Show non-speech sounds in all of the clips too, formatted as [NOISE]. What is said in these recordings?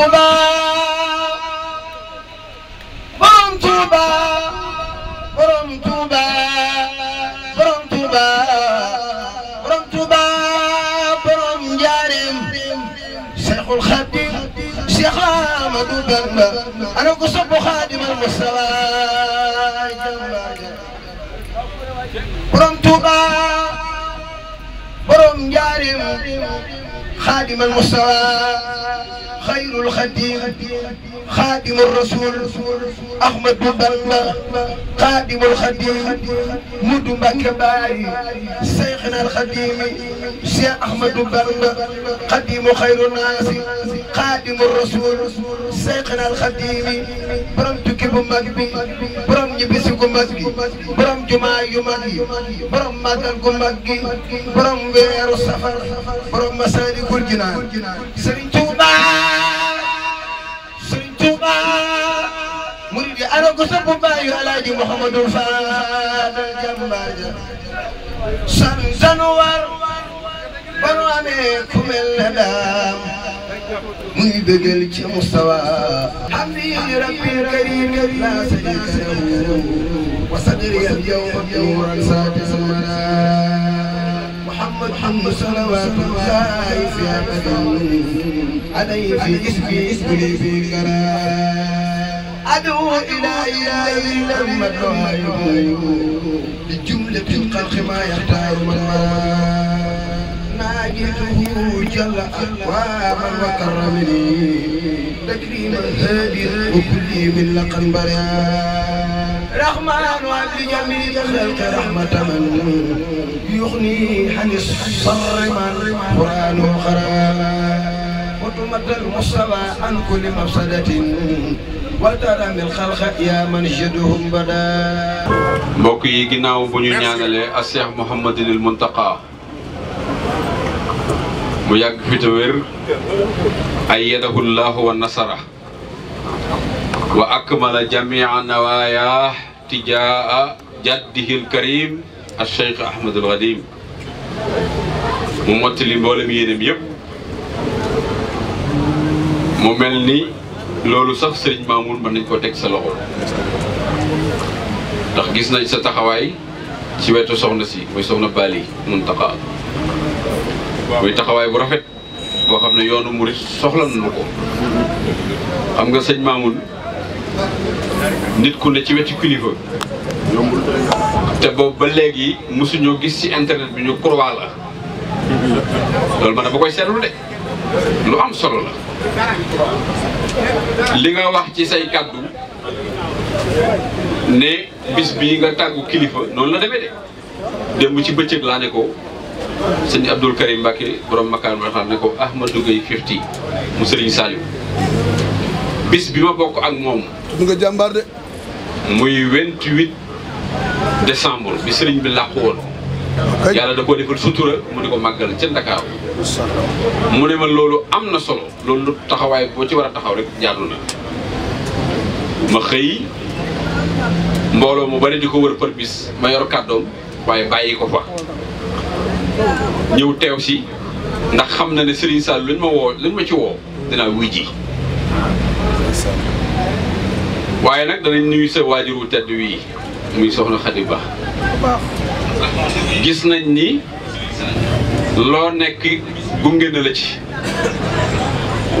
Touba borom Touba borom Touba borom Touba borom Touba borom Njaareem Cheikhul Khadim Cheikh Ahmadou Bamba ana ko sopp Khadim al Mustafa borom Touba borom Njaareem خادم المستوى خير الخديم خادم الرسول أحمد بن خادم الخديم مد مكة باي شيخنا الخديم شيخ أحمد بن خديم خير الناس خادم الرسول شيخنا الخديم برم تكب مكبي برم يبسك مكبي برم جماع يمكي برم مكان كمكي برم غير السفر برم مسالك الجنان سرين توبان yaaro ko soppu baayu alaaji Muhammadu Faal jàmbaar ja san januar ba nu amee ku mel ne daam muy bëggal ci mustawa hamdi rabbil karim la sadiqa lahu wa sadri al yawma nuran saati samara محمد محمد صلوات الله في أبدا عليه في اسمي اسمي في قرار أدعو إلى إلهي لما الدعاء لجملة الخلق ما يختار من ناجته جل أقواما وكرمني تكريما هادئا وكلي من لقن بريا رحمن وعبد جميع الخلق رحمة من يغني عن الصر من قرآن وخرا وتمد المصطفى عن كل مفسدة waltaaraamil xalxa yaa man jaduhum bada mbokk yi ginnaaw bu ñu ñaanalee a Cheikh Mouhamadinil Muntaqa mu yàgg fi te wér ay yadahu llahu wa nasara wa akmala jamia nawaaya tijaa jaddihil karim al Cheikh Ahmadul Xadim mu mottali mboolem yéenam yëpp mu mel ni loolu sax sëriñ Mamoun mën nañ ko teg sa loxo ndax gis nañ sa taxawaay ci wetu soxna si muy soxna baali Bali Mountakha muy taxawaay bu rafet boo xam ne yoonu murit soxla nañu ko xam nga sëñ Mamoun nit ku ne ci wetu kilifa te boobu ba léegi mësuñoo gis ci internet bi ñu croix la loolu man dama koy seetlu de lu am solo la li nga wax ci say kàddu ne bis bi nga tàggu kilifa noonu la deme de démb ci bëccëg laa ne ko sëñ Abdul Karim Mbacke borom Makar ma xam ne ko Ahmadou Gueye Fifty mu Serigne Saliou bis bi ma bokk ak moom. du nga jàmbaar de. muy 28 décembre bi Serigne bi làqu woon. Ah, yàlla da koo defal sutura mu di ko la ca Ndakaaru. mu ne ma loolu am na solo loolu taxawaay boo ci war a taxaw rek jaadu na ma xëy mbooloo mu bari di ko wër për bis ma yor kàddoom waaye bàyyi ko fa ñëw teew si ndax xam na ne Serigne Sall luñ ma woo luñ ma ci woo dinaa wuy ji waaye nag danañ nuyu sa waajuru tedd wii muy soxna Xadi Ba gis nañ ni loo nekk gu na la ci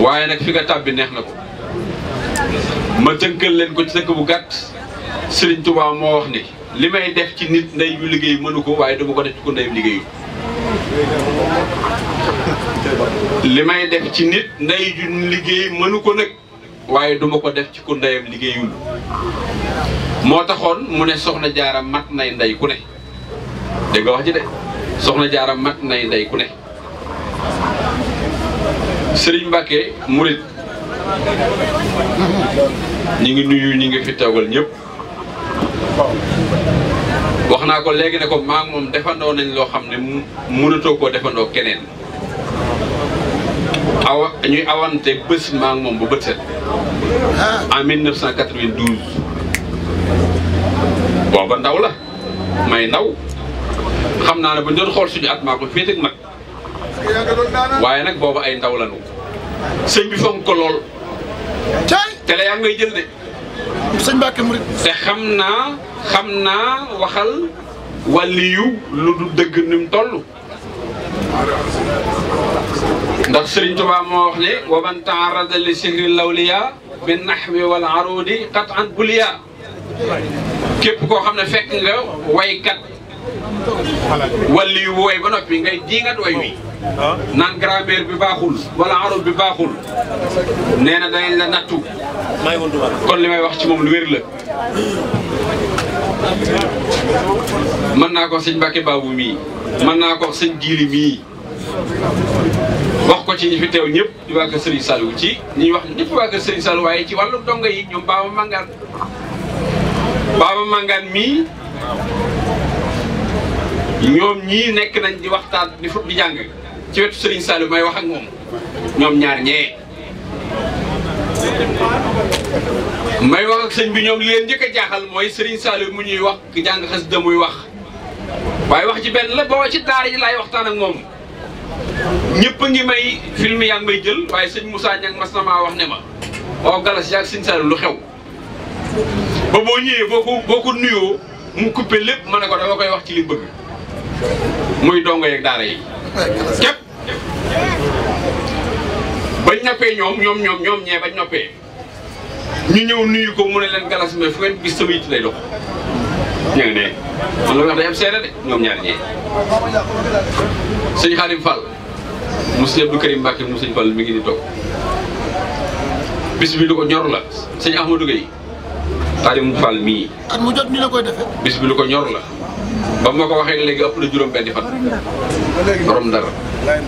waaye nag fi nga tàbbi neex na ko ma tënkal leen ko sëkk bu gàtt Serigne Touba moo wax ni li may def ci nit ndey yu liggéey mënu ko waaye dama ko def ci ku ndey yu li may def ci nit ndey ju liggéey mënu ko nag waaye duma ko def ci ku ndeyam liggéeyul moo taxoon mu ne soxna jaara mat nay ndey ku ne dégg wax ji de soxna jaara mag nay ndey ku ne sëriñ Mbàkke murit ñi ngi nuyu ñi ngi fi teewal ñëpp wax naa ko léegi ne ko maa moom defandoo nañ loo xam ne mënatoo koo defandoo keneen awa ñuy awante bés maa ngi moom bu bët set ah. en 1992 booba ndaw la may ndaw xam naa ne bu ñu doon xool suñu at maa ko féete ak mag waaye nag boobu ay ndaw lañu sëñ bi fonk ko lool te la yaa ngay jël de sëñ Mbàkke Murid te xam naa xam naa waxal wàlliyu lu du dëgg ni mu toll ndax sëriñ Tuubaa moo wax ne wa man taarada li sihri lawliya bi nahwi wal arudi qat an buliya képp koo xam ne fekk nga waykat walli yu woy ba noppi ngay diingat woy wi ah. naan grammaire bi baaxul wala arab bi baaxul nee na dañ la nattu kon li may wax ci moom lu wér la mën naa ko sëñ Mbacke Babou mii mën naa ko sëñ Jili mii wax ko ci ñi fi teew ñëpp di waa kër Serigne Saliou ci ñuy wax ñëpp waa kër Serigne Saliou waaye ci wàllu donga yi ñoom Baba Mangane Baba Mangane mii ñoom ñii nekk nañ di waxtaan di fut di jàng ci wetu Serigne Saliou may wax ak moom ñoom ñaar ñee. may wax ak sëñ bi ñoom li leen njëkk a jaaxal mooy sëriñ Saliou mu ñuy wax ki jàng xas da wax waaye wax ci benn la boo ci daara yi laay waxtaan ak moom ñëpp ngi may film yaa may jël waaye sëñ musaa Niang mas na maa wax ne ma waaw oh, galas yaag sëñ Saliou lu xew ba boo ñëwee boo ko boo ko nuyoo mu coupé lépp ma ne ko dama koy wax ci li bëgg muy dongo yeeg daara yi képp bañ noppee ñoom ñoom ñoom ñee bañ noppee ñu ñëw nuyu ko mu ne leen galas mais fu ngeen gis sama it lay dox ñu ngi ne man la wax day am seere de ñoom ñaar ñee sëñ Xaadim mu sëñ Abdou mu mi ngi ni toog bis bi lu ko ñor la sëñ Ahmadou Gueye Xaadim Fall mii at mu jot ni la koy defee bis bi lu ko ñor la ba nga ko waxee léegi ëpp na juróom-benni fan. borom ndar xam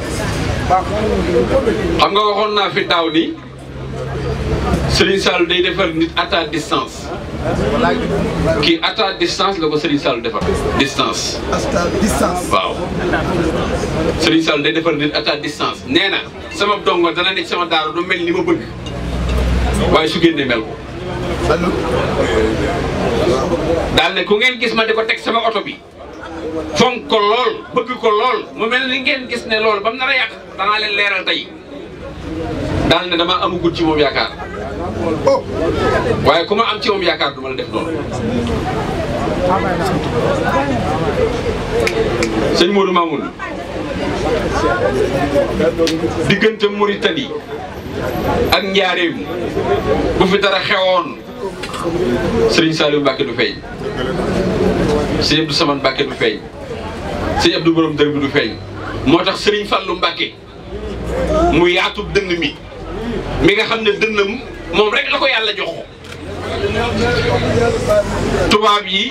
nga waxoon naa fi daaw ni Serigne Sall day defar nit à distance kii à distance la ko Serigne Sall defar distance. waaw Serigne Sall day defar nit distance nee na sama dongo dana nekk sama daara du mel ni ma bëgg waaye su génnee mel ko. daal ne ku ngeen gis ma di ko teg sama oto bi fonk ko lool bëgg ko lool mu mel ni ngeen gis ne lool ba mu nar a yàq danaa leen leeral tey daal ne dama amagul ci moom yaakaar waaye ku ma am ci moom yaakaar du ma la def noonu. sëñ Modou Mamoun diggante Mauritanie ak Njaareem bu fi dara xewoon. Serigne Saliou Mbacke du feeñ Serigne Abdou Samane Mbacke du feeñ Serigne Abdou Borom Dër bi du feeñ moo tax sëriñ Fallou Mbacke mu yaatub dënn mi mi nga xam ne dënnam moom rek la ko yàlla jox tubaab yi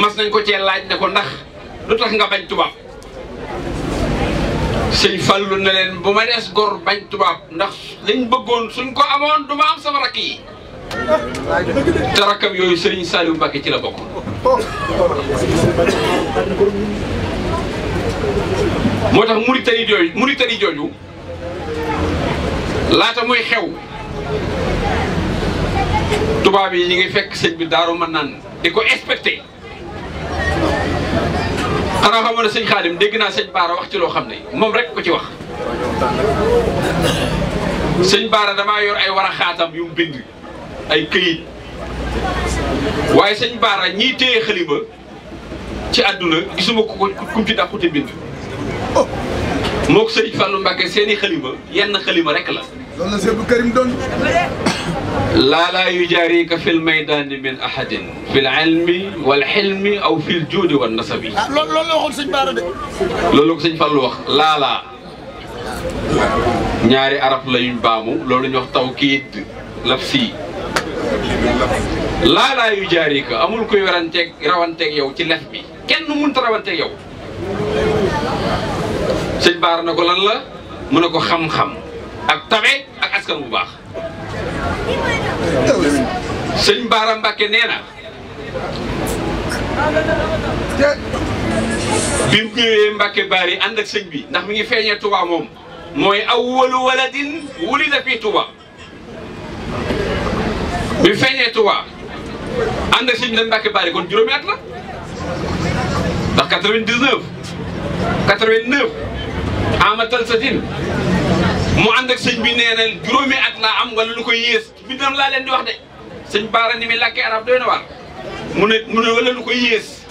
mas nañ ko cee laaj ne ko ndax lu tax nga bañ tubaab sëñ Fallu ne leen bu ma des gor bañ tubaab ndax liñ bëggoon suñ ko amoon duma am sama rakk yi te rakkam yooyu saa yu Mbacké ci la bokk. moo tax Mauritanie jooju Mauritanie jooju laata muy xew tubaab yi ñu ngi fekk sëñ bi daaru mën naan di ko inspecté xanaa xamoon na sëñ Xaadim dégg naa sëñ Baara wax ci loo xam ne moom rekk ko ci wax sëñ Baara damaa yor ay war a xaatam yu mu bind. ay këyit waaye sëñ Baara ñiy téye xalima ci àdduna gisuma ku ko kum ci dàqute bind moo ko sëriñ Fallou Mbacke seeni xalima yenn xalima rek la loolu la Seydou Karim doon laalaa yujaarika fi l maydaani min ahadin fi l ilmi wal xilmi aw fi l juudi wan nasabi ah, loolu la waxoon sëñ Baara de loolu la ko sëñ Fallou wax laalaa ñaari arab la yuñ baamu loolu ñu wax tawkiid lafsi laalaa yu jaarika amul koy weranteeg rawanteeg yow ci lef bi kenn mënut a rawanteeg yow sëñ Baara na ko lan la mu ne ko xam-xam ak tabe ak askan wu baax sëñ Baara Mbàkke nee na bi mu ñëwee Mbàkke Baari ak sëñ bi ndax mi ngi feeñee tubaa moom mooy awwalu waladin wulida fii Tuubaa bi feeñee Touba ànd ak sëñ na Mbàkke Bari kon juróomi at la ndax 99 89 amatal satin mu ànd ak sëñ bi nee na juróomi at laa am wala lu koy yées bindam laa leen di wax de sëñ Baara ni muy làkkee arab doy na waar mu ne mu ne wala lu koy yées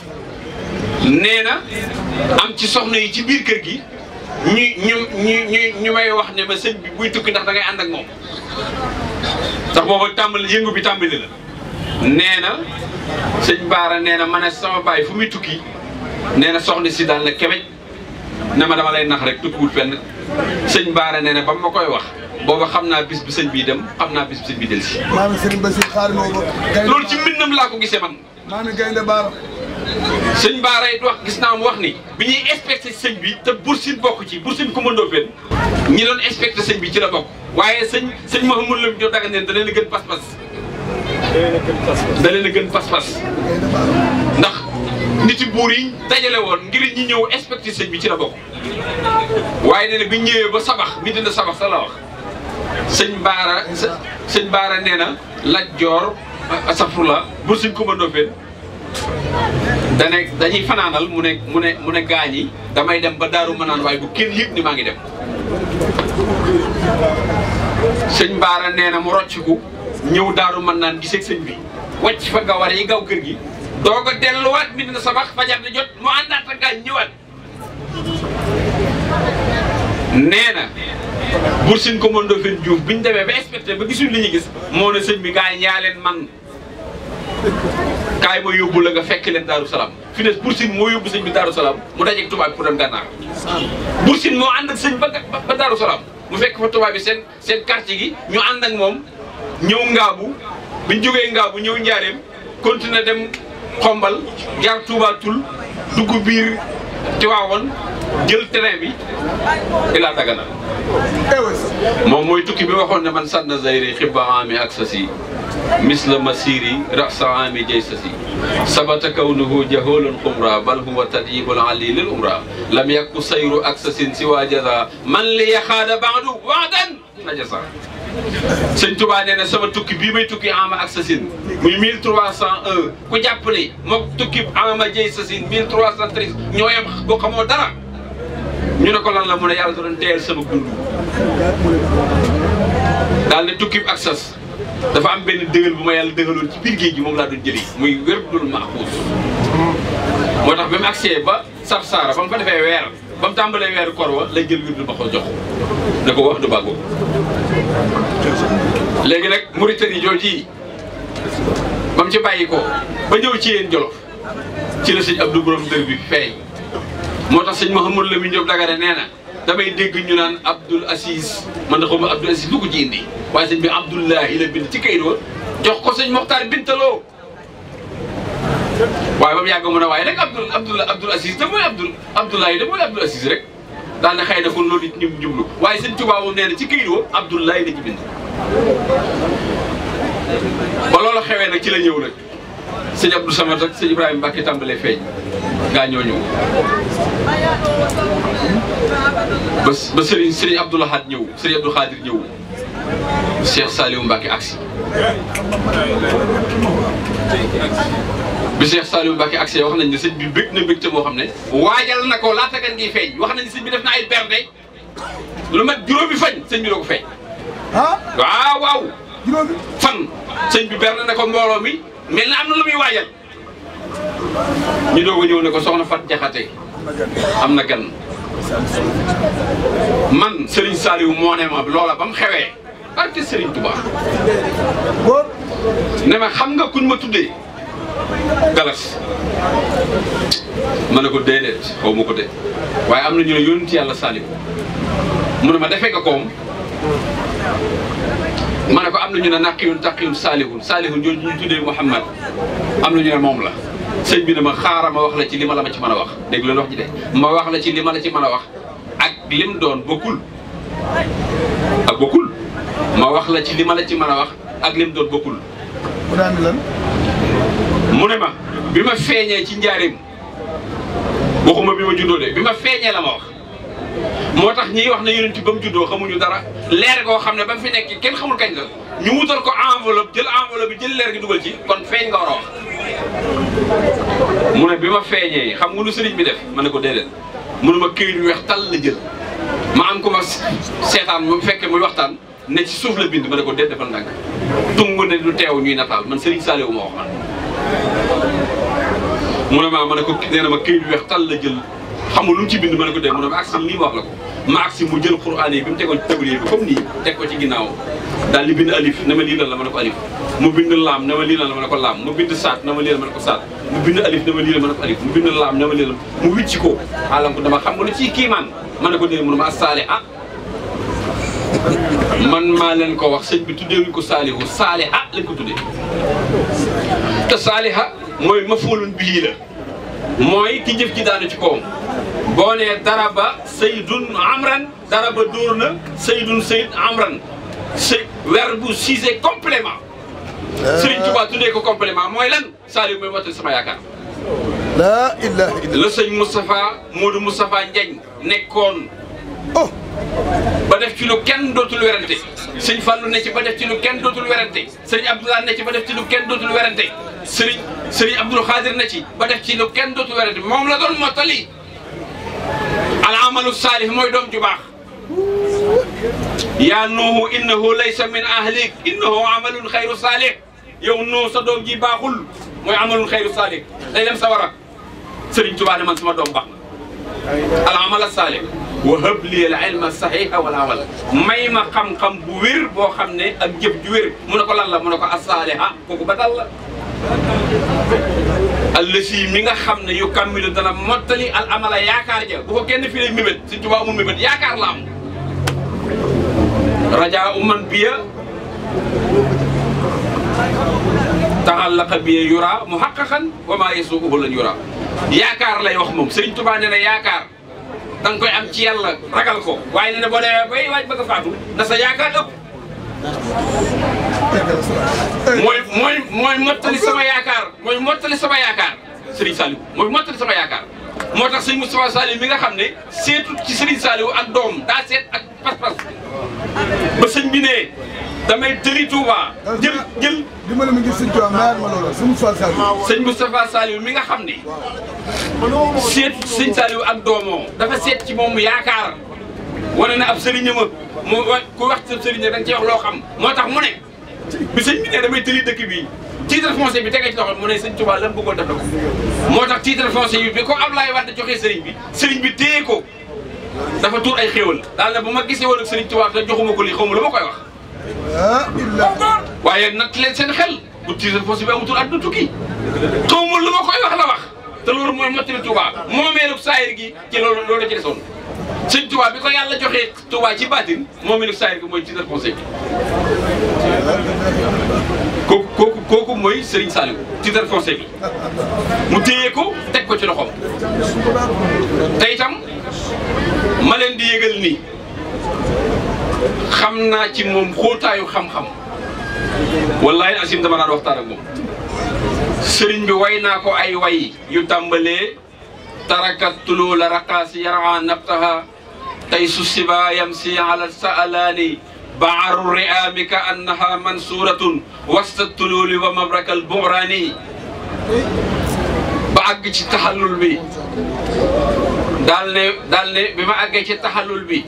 nee na am ci soxna yi ci biir kër gi ñu ñu ñu ñu wax ne ma sëñ bi buy tukki ndax da ngay ànd ak moom. ndax booba tàmbali yëngu bi tàmbali la nee na sëñ Baara nee na ma ne sama baay fu muy tukki nee na soxna si daal na kebej ne ma dama lay nax rek tukkiwut fenn sëñ Baara nee na ba ma koy wax booba xam naa bis bu sëñ bi dem xam naa bis bu sëñ bi del si. loolu ci mbindam laa ko gisee man. maanaam gaynde Baara. sëñ Baara it wax gis naa mu wax ni bi ñuy inspecté sëñ bi te Boursine bokk ci Boursine ku mëndoo benn ñi doon inspecté sëñ bi ci la bokk waaye sëñ sëñ Mouhamadou Lam Diop daga neen da a gën pas-pas da leen a gën pas ndax nit yi buur yi dajale woon ngir ñi ñëw inspecté sëñ bi ci la bokk waaye nee na bi ñëwee ba sabax mi dina sabax sa la wax sëñ Baara sëñ Baara nee na Lat Joor safru la Boursine ku mëndoo benn dane dañuy fanaanal mu ne mu ne mu ne gaañ yi damay dem ba daaru manaan waaye bu kenn yëg ni maa ngi dem sëñ Baara nee na mu rocciku ñëw daaru man naan gisee sëñ bi wàcc fa gawar yi gaw kër gi doog a delluwaat mi na sabax fajar di jot mu àndaat gaañ ñëwaat nee na bur sin commando fen Diouf bi ñu demee ba inspecteur ba gisuñ li ñu gis moo ne sëñ bi gaañ yaa leen man kaay ma yóbbu la nga fekk leen Daaru Salaam fi ne moo yóbbu sëñ bi Daaru Salaam mu dajeeg tubaab bi pour dem gànnaar Buur Sine moo ànd ak sëñ ba ba Daaru Salaam mu fekk fa tubaab bi seen seen quartier gi ñu ànd ak moom ñëw ngaabu biñ jógee bu ñëw njaareem continuer dem xombal jaar Touba Toul dugg biir Tiwaawoon jël terrain bi ilaa Dagana eh moom mooy tukki bi waxoon ne man sanna zayri xibba ami ak sa si misla masiri rasa ami jaysasi sabata kawnuhu jahoolun xumra bal huwa tadyibul ali lil umra lam yakku sayru aksasin siwa jaza man li yaxaada baadu waadan najasa sëñ Tuba nee na sama tukki bii may tukki ama ak sasin muy 1301 ku jàpp ni moom tukki ama jëy sasin 1313 ñoo yem boo xamoo dara ñu ne ko lan la mu ne yàlla doon teel sama dund daal ne tukki ak sas dafa am benn dëgal bu ma yàlla dëgaloon ci biir géej gi moom laa doon jëli muy wérdul maxuus moo tax ba mu agsee ba Sarsara ba mu fa defee weer ba mu tàmbalee weeru kor wa la jël wirdul maxuus jox da ko wax du bàggoo léegi nag Mauritanie jooju yi ba mu ci bàyyi ko ba ñëw ci yéen Jolof ci la sëñ Abdou Borom dër bi feeñ moo tax sëñ Mouhamadou Lamine Diop Dagana nee na damay dégg ñu naan Abdoul Aziz man da xaw ma Abdoul Aziz lu ko ci indi waaye sëñ bi Abdoulahi la bind ci kayit wa jox ko sëñ Moxtaar Bintaloo waaye ba mu yàgg mu ne waaye rek Abdoul Abdoul Abdoul Aziz da mooy Abdoul Abdoulahi da mooy Abdoul Aziz rek daal na xëy na kon loolu it ñu jublu waaye sëñ Tuubaa moom nee na ci kayit wa Abdoulahi la ci bind ba loolu xewee nag ci la ñëw nag. sëñ Abdou Samad ak sëñ Ibrahima Mbacke tàmbalee feeñ gaa ñoo ñëw ba ba sëriñ sëriñ Abdou Lahad ñëw sëriñ Abdou Khadir ñëw Cheikh Saliou Mbacke agsi bi Cheikh wax nañ ne bi bég na bég te moo xam ne waajal na ko laata gan gi feeñ wax nañ ne sëñ bi def na ay bernde lu mat juróomi fañ sëñ bi doo ko feeñ waaw waaw juróomi fan sëñ bi bernde na ko mel na am na lu muy waajal ñu doog ñëw ne ko soxna Fat Jaxate am na gan man Serigne Saliou moo ne ma loola ba mu xewee barke sëriñ Touba ne ma xam nga kuñ ma tuddee galas ma ne ko déedéet xaw ma ko de waaye am na ñu ne yónni ci yàlla Saliou mu ne ma defee nga koom ma ne ko am na ñu ne naqiyun taqiyun saalihun saalihun ñooñu ñu tuddee Muhammad am na ñu ne moom la sëñ bi ne ma xaaral ma wax la ci li ma la ma ci mën a wax dégg loolu wax ji de ma wax la ci li la ci mën a wax ak lim doon bokkul ak bokkul ma wax la ci li ma la ci mën a wax ak lim doon bokkul. mu mu ne ma bi ma feeñee ci njaarim waxuma bi ma juddoo de bi ma feeñee la ma wax. moo tax ñiy wax ne ci ba mu juddoo xamuñu dara leer goo xam ne ba fi nekk kenn xamul kañ la ñu wutal ko enveloppe jël enveloppe bi jël leer gi dugal ci kon feeñ nga war mu ne bi ma feeñee xam nga lu sëriñ bi def ma ne ko déedéet mënu ma këyit weex tal la jël ma am ko ma seetaan mu fekkee muy waxtaan ne ci suuf bind ma ne ko déet defal ndànk tungu ne du teewu ñuy nataal man sëriñ Saliou ma wax man mu ne maa ma ne ko nee na ma këyit weex tal la jël xamul lu mu ci bind ma ne ko déet mu ne ma ak ah, lii ma wax la ko ma agsi mu jël quraan yi bi mu tegoon ci tablier bi comme nii teg ko ci ginnaaw daal di bind alif na ma lii la ma ko alif mu bind laam na ma lii la ma ko laam mu bind saat na ma lii la ma ne ko saat mu bind alif ne ko alif mu bind laam na ma lii la mu wicci ko xaalam ko dama xam nga lu ciy kiimaan ma ne ko dee mu ne ma asaale ah man maa leen ko wax sëñ bi tuddee wuñ ko saalihu saaliha lañ ko tuddee te saaliha mooy ma fóoloon bi lii la mooy ki jëf ci daanu ci kawam boo nee daraba saydun amran daraba dóor na saydun sayd amran së verbe siise complément euh, Sëriñ Tuubaa tuddee ko complément mooy lan Saliou mooy wattu sama yaakaar la ilaha la sëñ Moustapha Modou Moustapha Ndiagne nekkoon oh ba def ci lu kenn dootul werante sëñ Fallou ne ci ba def ci lu kenn dootul werante sëriñ Abdoulaye ne ci ba def ci lu kenn dootul werante sëriñ sëriñ Abdoul Khadir ne ci ba def ci lu kenn dootul werante moom la doon mottali al amalu saalih mooy doom ju baax yaa nuuhu innahu laysa min ahlik innahu amalun xayru saalih yow nuu sa doom ji baaxul mooy amalun xayru saalih day dem sawara sëriñ Tuubaa ne man suma doom baax na al amal saalih wa hab li al ilma saxiixa wala wala may ma xam-xam bu wér boo xam ne ak jëf ju wér mu ne ko lan la mu ne ko assaaliha kooku ba dal la allësi mi nga xam ne yu kammilu dana mottali al amala yaakaar ja bu ko kenn fi lay mébét Sëñ Tuubaa amul mébét yaakaar la am rajaa uman biya taxallaqa biya yura mu xaqaqan wa maa yasuuquhu lan yura yaakaar lay wax moom Sëñ Tuubaa nee na yaakaar da koy am ci yàlla ragal ko waaye nee na boo demee bay waaj bëgg a faatu na sa yaakaar ëpp mooy mooy mooy mottali sama yaakaar mooy mottali sama yaakaar Serigne Saliou mooy mottali sama yaakaar moo tax sëñ Moustapha Saliou mi nga xam ne seetu ci Serigne Saliou ak doom daa seet ak pas-pas ba sëñ bi ne damay tëri Touba jël jël. li ma la ma gis sëñ Touba mayal ma loola sëñ Moustapha Saliou. sëñ Moustapha mi nga xam ni seetu ci sëñ Saliou ak doomoo dafa seet ci moom yaakaar. wane na ab sëriñ ma mu ku wax sa sëriñ da ci wax loo xam moo tax mu ne bi sëñ bi ne damay tëli dëkk bi titre foncier bi tegee ci loxo mu ne sëñ Tuubaa lan bëggoon def ko moo tax titre foncier bi bi ko Ablaye Wade joxee sëriñ bi sëriñ bi téye ko dafa tuur ay xéewal daal na bu ma gisee woon ak sëriñ Tuubaa te joxuma ko lii xaw ma lu ma koy wax waaye nag leen seen xel bu titre foncier bi amatul àdduna tukki xaw ma lu ma koy wax la wax te loolu mooy mottali Tuubaa moomee nag saayir gi ci loolu loolu la ci sëñ bi ko yàlla joxe Touba ci baatin moom mi nag saayir ko moy titre foncier bi kooku kooku kooku mooy Serigne Saliou titre foncier mu téye ko teg ko ci loxoom te itam ma di yëgal ni xam naa ci moom xóotaayu xam-xam wallaay asim dama daan waxtaan ak moom sëriñ bi way naa ko ay way yu tàmbalee tarakat tulul raqaasi yara nabtaha tay su siba yamsi ala saalaani baaru riaami ka annaha mansuratun wasta tululi wa mabraka al buuraani ba àgg ci taxalul bi daal ne daal ne bi ma àggee ci taxalul bi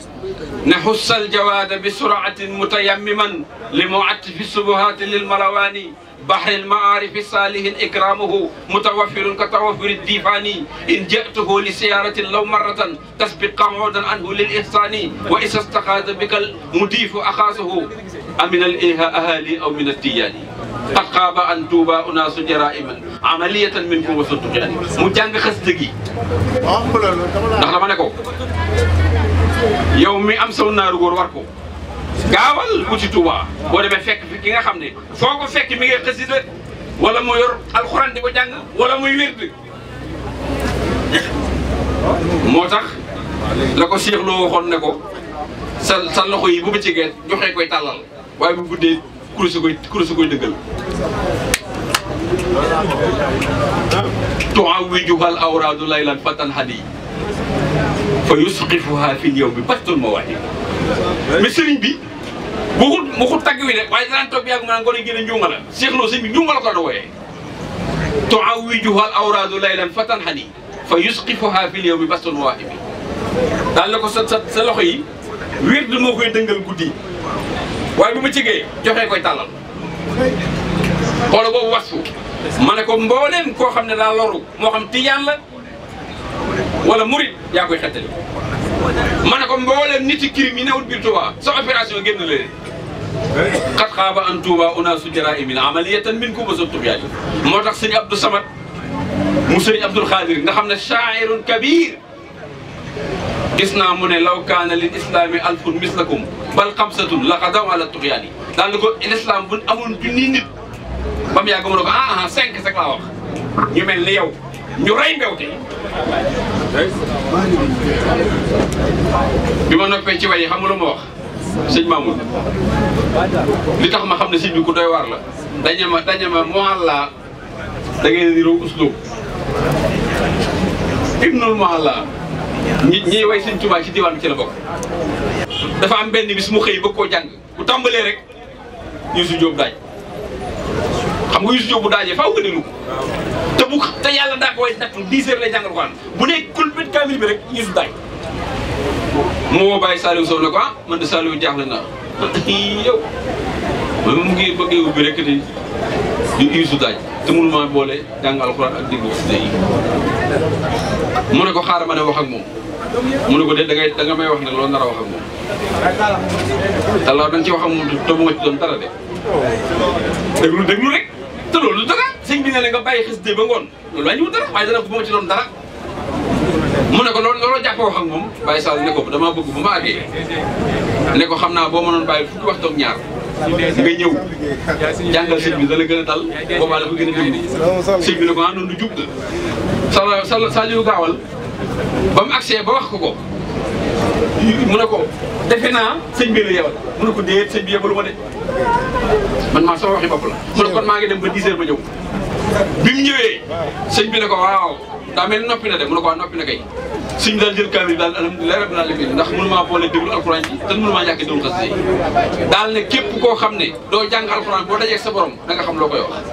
ne xussal jawaada bi suraatin mutayammiman li muattifi subuhaati lil marawaani بحر المعارف الصالح إكرامه متوفر كتوفر الديفاني إن جئته لسيارة لو مرة تسبق عودا عنه للإحسان وإذا استخاذ بك المضيف أخاصه أمن الأهالي أو من التيان قد خاب أن توبى أناس جرائما عملية منكم وسطجان mu jàng xasida gi ndax dama ne ko yow mi am saw naaru góor war ko gaawal wuti Touba boo demee fekk fi ki nga xam ne foo ko fekk mi nga xasida wala mu yor alxuraan di ko jàng wala muy wird moo tax la ko Cheikh Lo waxoon ne ko sa loxo yi bu bëccëgee joxe koy tàllal waaye bu guddee kuréel koy kuréel koy dëggal. tuawwijuhal awraadu laylan fatan hadi fa yusqifuha fi l yawmi battul mawaahib mais sëriñ bi. waxut waxut tagg wi de waaye danaan toog mu naan gone gi ne njuuma la ko doon wooyee tuawijuha al awraadu laylan fa tanxani fa yusqifuha fi lyawmi basun waahibi daal na ko sa sa sa loxo yi wér du moo koy dëngal guddi waaye bu ma cigee joxee koy tàllal xoolo boobu wasfu ma ne ko mbooleem koo xam ne daa loru moo xam tijaan la wala murit yaa koy xettali ma ne ko mboolem nit yi kirim yi newul biir Touba sa opération génn leen xat xaaba an Touba una su jara imin amaliyatan min ko bësab tub yaay moo tax sëñ Abdou Samad mu sëñ Abdoul Xaadir nga xam ne shaa'irun kabir gis naa mu ne law kaana lil islami alfun mislakum bal xamsatun la xadaw ala tuxyaan yi daal na ko l'islam bu amoon junni nit ba mu yàgg mu ne ko ah ah cinq sax laa wax ñu mel ni yow ñu rey mbewte yi bi ma noppee ci way yi xam nga lu ma wax sëñ Mamoun li tax ma xam ne sëñ bi ku doy waar la dañu ma dañu ma mu àllaa da ngay niru uslub ibnul mu àllaa ñi ñiy way sëñ Tuubaa ci diwaan bi ci la bokk dafa am benn bis mu xëy bëgg koo jàng bu tàmbalee rek Yuusu Jóob daaj xam nga Yuusu Jóob bu daajee fa nga déglu te bu te yàlla daa ko way nattu 10 heures lay jàngal ko bu ne kulpit kaamil bi rek ñu su daay mu woo bàyyi Saliou Sow ne ko ah man de Saliou jaaxle naa yow man mu ngi bëggee bi rek di di iisu daaj te mënu maa boole jàng alxuraan ak diggu xasida yi mu ne ko xaaral ma ne wax ak moom mu ne ko de dagay ngay da nga may wax nag loolu nar a moom te loolu da ci wax ak moom te mu nga ci doon dara de déglu déglu rek te loolu dara sëñ bi ne la nga bàyyi xasida ba ngoon loolu wàññiwul dara waaye dana bu ma ci doon dara mu ne ko loolu looloo jàppee wax ak moom Baye Sall ne ko damaa bëgg bu ma àggee ne ko xam naa boo mënoon bàyyi fukki wax ak ñaar nga ñëw jàngal sëñ bi dana gën a dal boobaa dafa gën a dimbali sëñ bi ne ko ah noonu jub la. Sall Sall Saliou gaawal ba mu àggsee ba wax ko ko mu ne ko defe naa sëñ bi mu ne ko déet sëñ bi yebalu ma de man maa sama waxi bopp la mu dem ba ma ñëw. bi mu ñëwee sëñ bi ne ko waaw daa mel noppi na de mu ne ko waa noppi na kay sëñ bi daal jël kaamil daal alhamdulilah rabbil alamin ndax mënu maa boole déglu alxuraan ji te mënu maa ñàkk déglu xas yi daal ne képp koo xam ne doo jàng alxuraan boo dajee sa borom da nga xam loo koy wax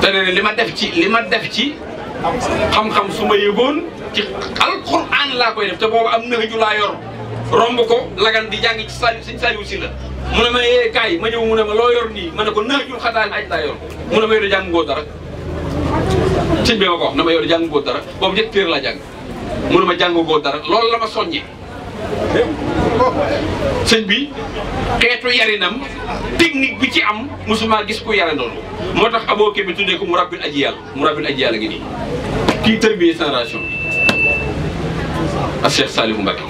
te ne li ma def ci li ma def ci xam-xam su ma yëgoon ci alxuraan laa koy def te boobu am nëxëju laa yor romb ko lagan di jàng ci saali sëñ saaliwu si la mu ne ma yee eh, kaay ma ñëw mu ne ma loo yor nii ma ne ko naajul xataa aj laa yor mu ne ma yor jàng dara sëñ bi ma ko wax na ma yor jàng ngóor dara boobu ñett téer laa ma jàng ngóor loolu la ma soññee sëñ bi xeetu yarinam technique bi ci am musuma gis ku yare noonu moo tax aboo bi tuddee ko mu rabbil aji yàlla mu rabbil aji yàlla gi nii kii tërbiyee génération bi ak Cheikh Salifou Mbacké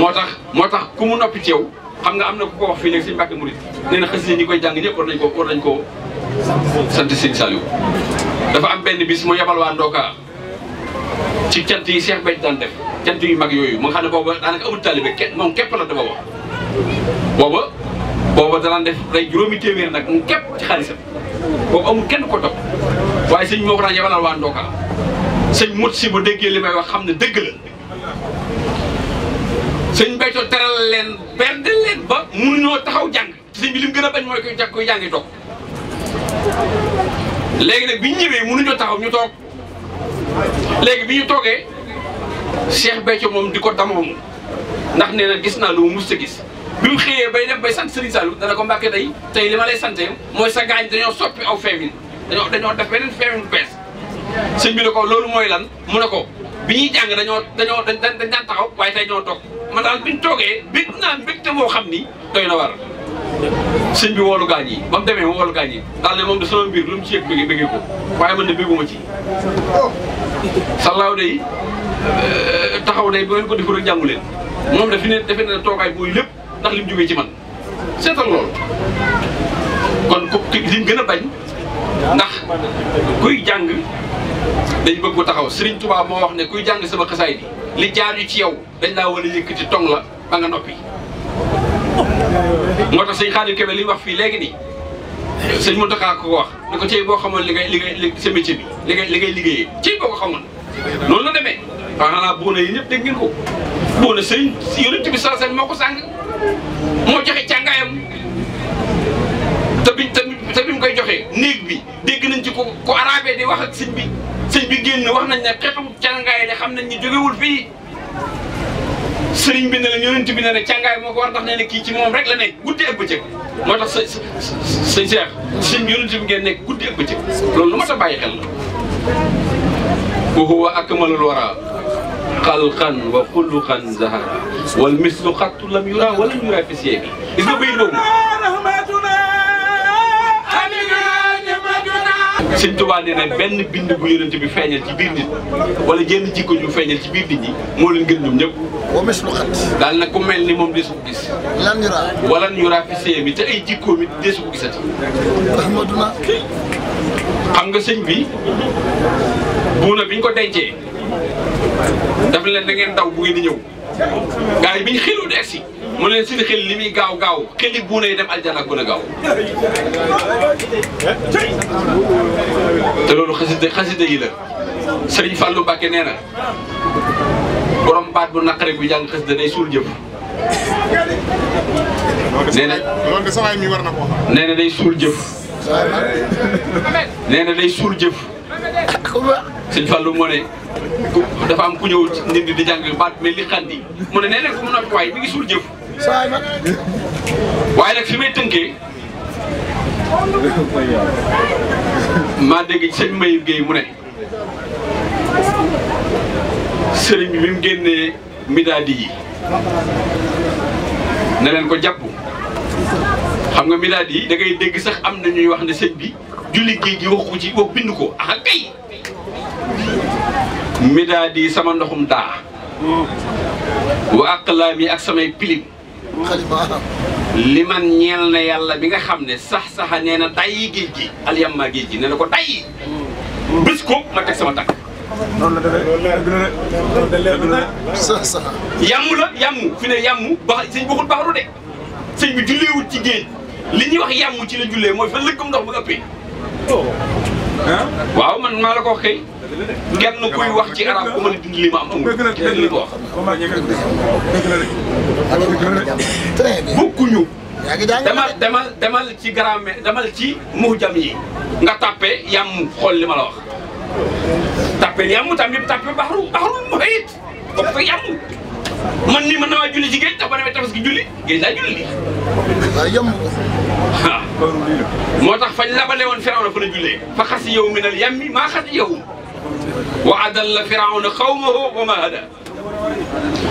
moo tax moo tax ku mu noppi ci yow xam nga am na ku ko wax fii nag sëñ Mbàkke Murid nee na xasida ñi koy jàng ñëpp war nañ ko war nañ ko sant sëñ Saliou dafa am benn bis mu yebal waa Ndoka ci cant yi Cheikh Béthio def cant yu mag yooyu mu xam ne booba daanaka amul taalibe moom képp la dafa booba booba danaan def rey nag mu képp ci xaalisam boobu amul kenn ko topp waaye sëñ moo ko waa Ndoka sëñ mut si bu déggee li may wax xam ne dëgg la sëñ Béthio teral leen perdre leen ba mënuñoo taxaw jàng sëñ bi li mu gën a bañ mooy koy jàng koy jàngi toog léegi nag bi ñu ñëwee mënuñoo taxaw ñu toog léegi bi ñu toogee Cheikh Béthio moom di ko damoomu ndax nee na gis naa lu mu mus a gis bi mu xëyee bay dem bay sant Serigne Saliou dana ko Mbàkke day tey li ma lay sante mooy sa gaañ dañoo soppi aw feemin dañoo dañoo def beneen feemin bu bees sëñ bi ne ko loolu mooy lan mu ne ko bi ñuy jàng dañoo dañoo dañ daan taxaw waaye tey ñoo toog man daal biñ toogee bég naa mbégte moo xam ni doy na war sëñ bi woolu gaañ yi ba mu demee woolu gaañ yi daal ne moom de sama mbir lu mu ci yëg bëggee bëggee ko waaye man de bëgguma ci sallaaw day euh, taxaw day bu ngeen ko defal ne na toogaay booy lépp ndax li jógee ci man seetal loolu kon ko liñ gën a bañ ndax kuy jàng dañ bëgg ko taxaw Sëriñ Tuubaa moo wax ne kuy jàng sama xasaay bi li jaaju ci yow dañ laa war a yëkkati tong la ba nga noppi moo tax sëñ Xaadim Kebe li wax fii léegi nii sëñ Muntaxa ko wax ni ko ceeb boo xamoon li ngay li ngay sa métier bi li ngay li ngay liggéeyee ceeb boo xamoon loolu la demee waaw xanaa buuna yi ñëpp dégg ngeen ko buuna sëñ yonent bi saa seen moo ko sàng moo joxe càngaayam te bi te bi mu koy joxe néeg bi dégg nañ ci ko ko arabe di wax ak sëñ bi sëñ bi génn wax nañ ne xetu càngaay de xam nañ ñu jógewul fii sëriñ bi ne la yonent bi ne la càngaay moo ko war ndax nee na kii ci moom rek la nekk guddi ak bëccëg moo tax sa sa sëñ Cheikh sëriñ bi yonent bi ngeen nekk guddi ak bëccëg loolu lu mat a bàyyi xel la wa huwa akmalul wara xalqan wa xuluqan zahara wal mislu xattu lam yura walam yura fi siyebi gis nga bay boobu sëñ Tuubaa nee na benn bind bu yonent bi feeñal ci biir nit wala jenn jikko ñu feeñal ci biir nit ñi moo leen gën ñoom ñëpp wa mes daal na ku mel ni moom desu ko gis lan yura wala yura fi see mi te ay jikkoo mi desu ko gisati rahmatuna xam nga sëñ bi buuna biñ ko dencee daf leen da ngeen daw bu ngeen di ñëw gars yi biñ xilu de si mu ne suñu xel li muy gaaw gaaw xeli buuna yi dem aljana gën a gaaw te loolu xasida xasida yi la Sëriñ Fàllu Mbàkke nee na borom bu naqare bu jàng xasida day suul jëf nee na nee na day suul jëf na day suul jëf Sëñ Fàllu moo ne dafa ku ñëw nit di jàng baat mais xandi mu ne ku mu noppi waaye mi ngi suul saay nag waaye nag fi may tënkee maa dégg sëñ Mbaye Guèye mu ne sëriñ bi mu génnee midaadi yi ne leen ko jàpp xam nga midaadi yi da ngay dégg sax am na ñuy wax ne sëñ bi julli géej gi waxu ci wax bind ko ah kay midaadi sama ndoxum daa wa aqlaam yi ak samay pilim xalima li man ñeel na yàlla bi nga xam ne sax saxa nee na dayyi géej gi alyamma géej gi nee na ko dayyi ko ma teg sama tànk noonu la demee sax saxa yàmm la yàmm fi ne yàmm ba sëñ bokkul baxaru de sëñ bi julleewut ci géej li ñuy wax yàmm ci la jullee mooy fa lëkkam ndox bu ëppee oh. waaw man maa la ko kenn kuy wax ci arab ku mën a dindi li ma am amul kenn li ko wax. bokkuñu. demal demal demal ci garaam demal ci muxjam yi nga tàppe yàmm xool li ma la wax. tàppe yàmm tamit tàppe baxru baxru muhit bopp yàmm man nii mën na maa julli ci géej tax ba demee tabaski julli géej laa julli. waaw moo tax fañ labale woon Firawna fa la jullee fa xasi yow mi nal yàmmi maa xasi yow. wa adalla firawna xawmahu wa ma hada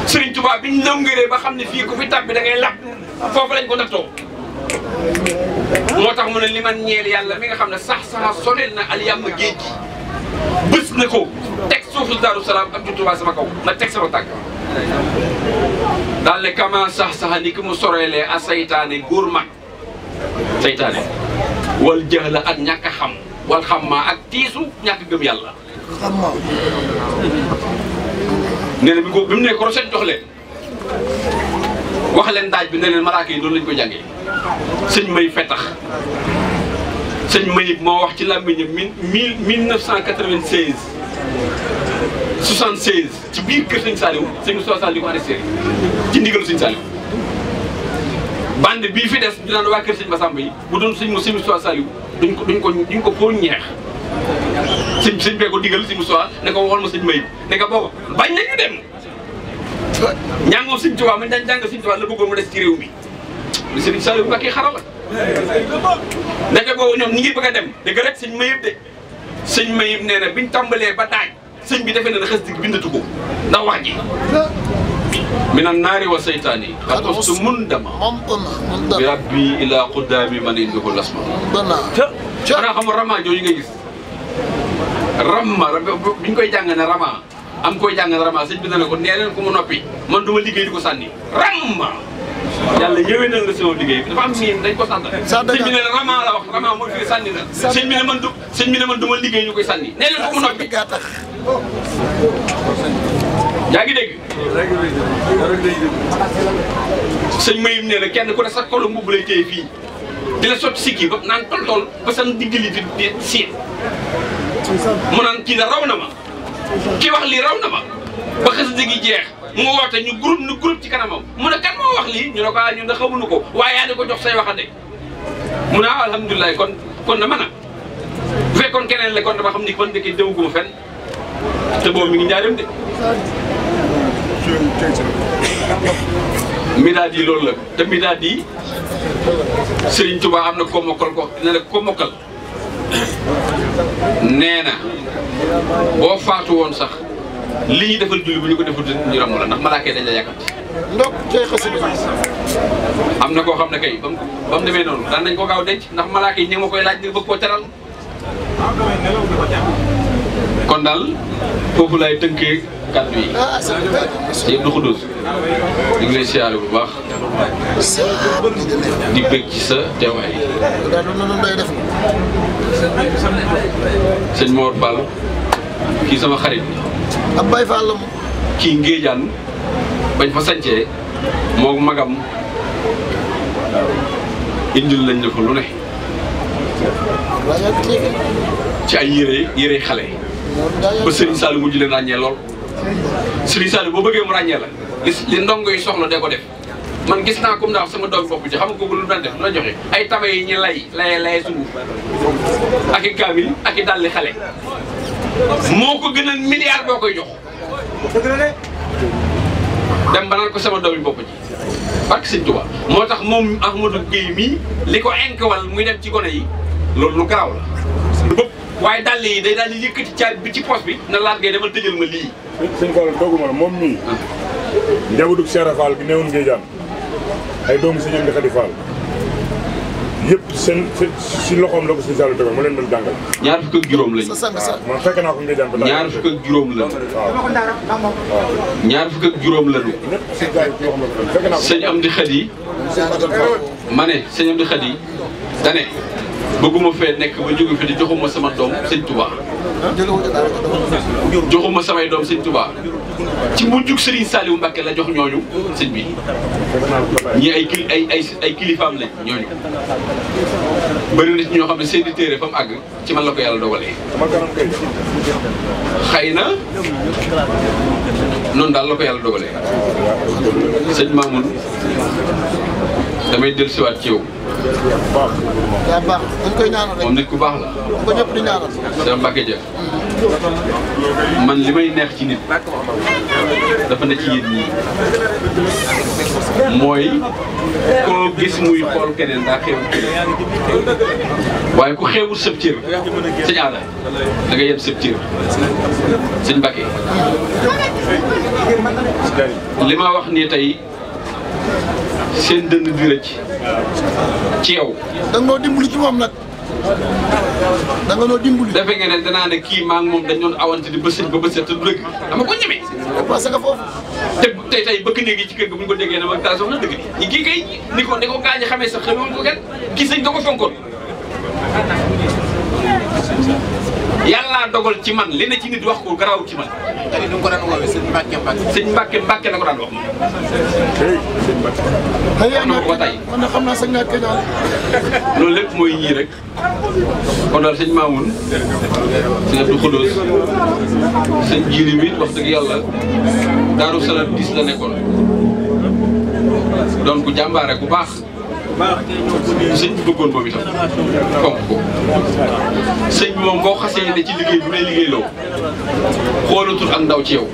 Sëriñ Tuubaa bi ñu nangëree ba xam ne fii ku fi tàbbi da ngay làpp foofu lañ ko nattoo moo tax mu ne li man ñeel yàlla mi nga xam ne sax sax sonel na aliyam géej gi bés na ko teg suufu Daaru Salaam ak Tuubaa sama kaw na teg sama tàgg daal kama sax sax ni ki mu soreelee a saytaane góor mag wal jëx la ak ñàkk xam wal xam maa ak tiisu ñàkk gëm yàlla nee na bi ko bi mu nekk recette jox leen wax leen daaj bi ne leen malaaka yi doon lañ ko jàngee sëñ may fetax sëñ Mayib moo wax ci làmmiñam mille mille neuf cent quatre-vingt-seize soixante-seize ci biir kër sëñ Saliou sëñ Moussa Sall di ko arrêté ci ndigalu sëñ Saliou bande bii fi des dinaan waa kër sëñ Massamba yi bu doon sëñ mo sëñ Moussa Saliou duñ ko duñ ko duñ ko pour ñeex sëñ sëñ bee ko digal sëñ Moussa ne a waxoon ma sëñ Mayib ne ko booba bañ nañu dem ñàngoom sëñ Tuubaa mañ daan jàng sëñ mu des ci réew mi li sëñ Saliou Mbacké xarala ndeke boobu ñoom ngi bëgg a dem dëgg rek sëñ Mayib de sëñ na biñ tàmbalee ba daaj sëñ bi defee ne na xës dig bindatu ko ndax wax naari wa seytaani qad ustu mundama bi rabbi ila quddaami man indihu lasma xanaa xam nga gis ramma bi ñu koy jàng ne rama am koy jàng ne rama sëñ bi ne ko nee leen ko mu noppi man du ma liggéey di ko sànni ramma yàlla yéwénal la sama liggéey dafa am miin dañ ko sant sëñ bi ne rama la wax rama mooy fii sànni na sëñ bi ne man du sëñ bi ma liggéey ñu koy sànni nee leen ko mu noppi yaa ngi dégg sëñ mayim nee na kenn ku ne sa kolu mbubb lay téye fii di la sotti sikki ba naan tol tol ba san digg li di siit mu naan kii na raw na ma ki wax lii raw na ma ba xasida gi jeex mu woote ñu groupe ñu groupe ci kanamam mu ne kan moo wax lii ñu ne ko ah ñun de xamuñu ko waaye yaa ne ko jox say waxande mu ne ah alhamdulilah kon kon dama na bu fekkoon keneen la kon dama xam ni man dëkk dewuguma fenn te boobu mi ngi njaareem de. midaad yi loolu la te midaad yi Serigne Touba am na ko mokkal ko dina ne ko mokkal. nee na boo faatu woon sax li ñu defal julli bu ñu ko deful ñu romb la ndax malaaka yi dañ la yàkkamti ndok cay xasida am na koo xam ne kay ba mu ba mu demee noonu daan nañ ko gaaw denc ndax malaaka yi ñu ma koy laaj ngir bëgg koo teral kon daal foofu laay tënkee kàddu yi. sëñ Abdou Khoudous ñu ngi siyaare bu baax di bëgg ci sa teewaay. sëñ Mor Fall kii sama xarit. ab Baye kii Ngéejaan bañ fa sañcee moom magam indil lañ ne ko lu ne. ci ay yére yére xale. ba Serigne saali mujj leen ràññee lool Serigne Saliou boo bëggee mu ràññee la li li ndongo yi soxla de ko def man gis naa comme daaw sama doom bopp ji xam nga kooku lu daan def lu ay tabe yi ñu lay laye laye suuf ak i kaamil ak moo ko gën a milliard boo koy jox dem ba ko sama doom yi bopp ji barke Sëñ Tuubaa moo tax moom Ahmadou Guèye mii li ko inkwal muy dem ci gone yi loolu lu garaaw la waaye dal yi day daal di yëkkati caabi bi ci poche bi na laat ngay demal tëjal ma lii. sëñ Fallou dooguma la moom mii. Ah. njabootu Cheikh Fall gi newoon ngay jaan ay doomu si ñoom di xadi Fall yëpp seen si loxoom la ko sëñ Fallou tegal mu leen doon jàngal. ñaar fukk ak juróom lañu. Ah, man fekk naa ko ngay jaan ba ñaar fukk ak juróom lañu. Ah. ñaar fukk ak juróom lañu. sëñ ma ne sëñ Amdi Xadi bëgguma fee nekk ba jóge fi di joxuma sama doom sëñ Touba joxuma samay doom sëñ Touba ci mujjug Serigne Saliou Mbacké la jox ñooñu sëñ bi ñi ay kilifaam lañ ñooñu bëri na ñoo xam ne seeni téere fa mu àgg ci man la ko yàlla dogalee xëy na noonu daal la ko yàlla dogalee sëñ Mamoun damay dellusiwaat ci yow. yaa baax dañ koy ñaanal rek moom nit ku baax la. ko ñëpp di ñaanal. Cheikh Mbacké man li may neex ci nit dafa ne ci yéen ñii mooy koo gis muy xool keneen daa xeebu waaye ku xeebul sëb cër sëñ aada da nga yem sëb cër sëñ Mbacké hmm. li ma wax nii tey. seen dënd di rëcc ci yow. da nga noo dimbali ci moom nag da nga noo dimbali. defe nga ne danaa ne kii maa moom dañu doon awante di bësët ba bësët te du dëgg dama ko ñemee. dépassé nga foofu. te tey bu ñu ko déggee dama taa soxna dëgg bi. kii kay ni ko ni ko gaañ xamee sax xamee woon ko kenn gis nañ ko ko fonkoon. yàllaa dogal ci man li na ci nit wax ko garaaw ci man. tey ni mu ko daan woowee sëñ Mbacke Mbacke. sëñ Mbacke Mbacke ko daan wax. tey sëñ na ko ba tey man sëñ Mbacke mooy yii rek kon daal sëñ Mamoun. sëñ Abdou Khoudous. sëñ Jili wax dëgg yàlla Daaru Salaam 10 la nekkoon. doon ku jàmbaare ku baax. sëñ bi bëggoon moom itam fonk ko sëñ bi moom boo xasee ne ci liggéey bu lay liggéeyloo xoolatul ak ndaw ci yow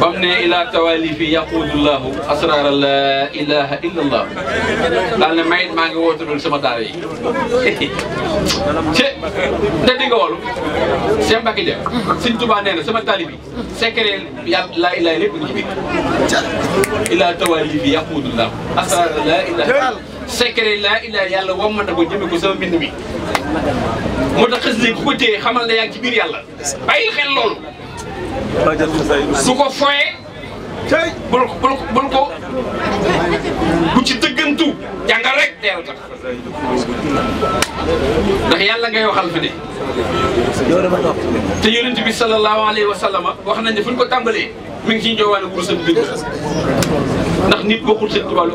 bam ne ila tawalifi yaqulullahu asrara la ilaha illa allah daal ne mayit maa ngi wootalul sama daara [LAUGHS] te di nga wolu Cheikh Mbacke Dia Sëñ Tuubaa nee na sama taalib yi secret yàlla laa ilaaha lépp ci biir ilaa tawaali bi yaquudullah asrar laa ilaaha secret laa ilaaha yàlla wam na ko jëme ko sama mbind mi moo tax xës li ku ko téye xamal na yaa ngi ci biir yàlla bàyyi xel loolu su ko foyee tey bul bul bul ko bu ci dëggantu jàngal rek teel tax ndax yàlla ngay waxal fi ne te yonent bi sallallahu alayhi wa sallam wax nañ ne fu ko tàmbalee mu ngi ciy njoowaane wuru seen ndax nit bokkul seen tubaab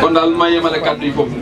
kon daal maa yemale kàddu yi foofu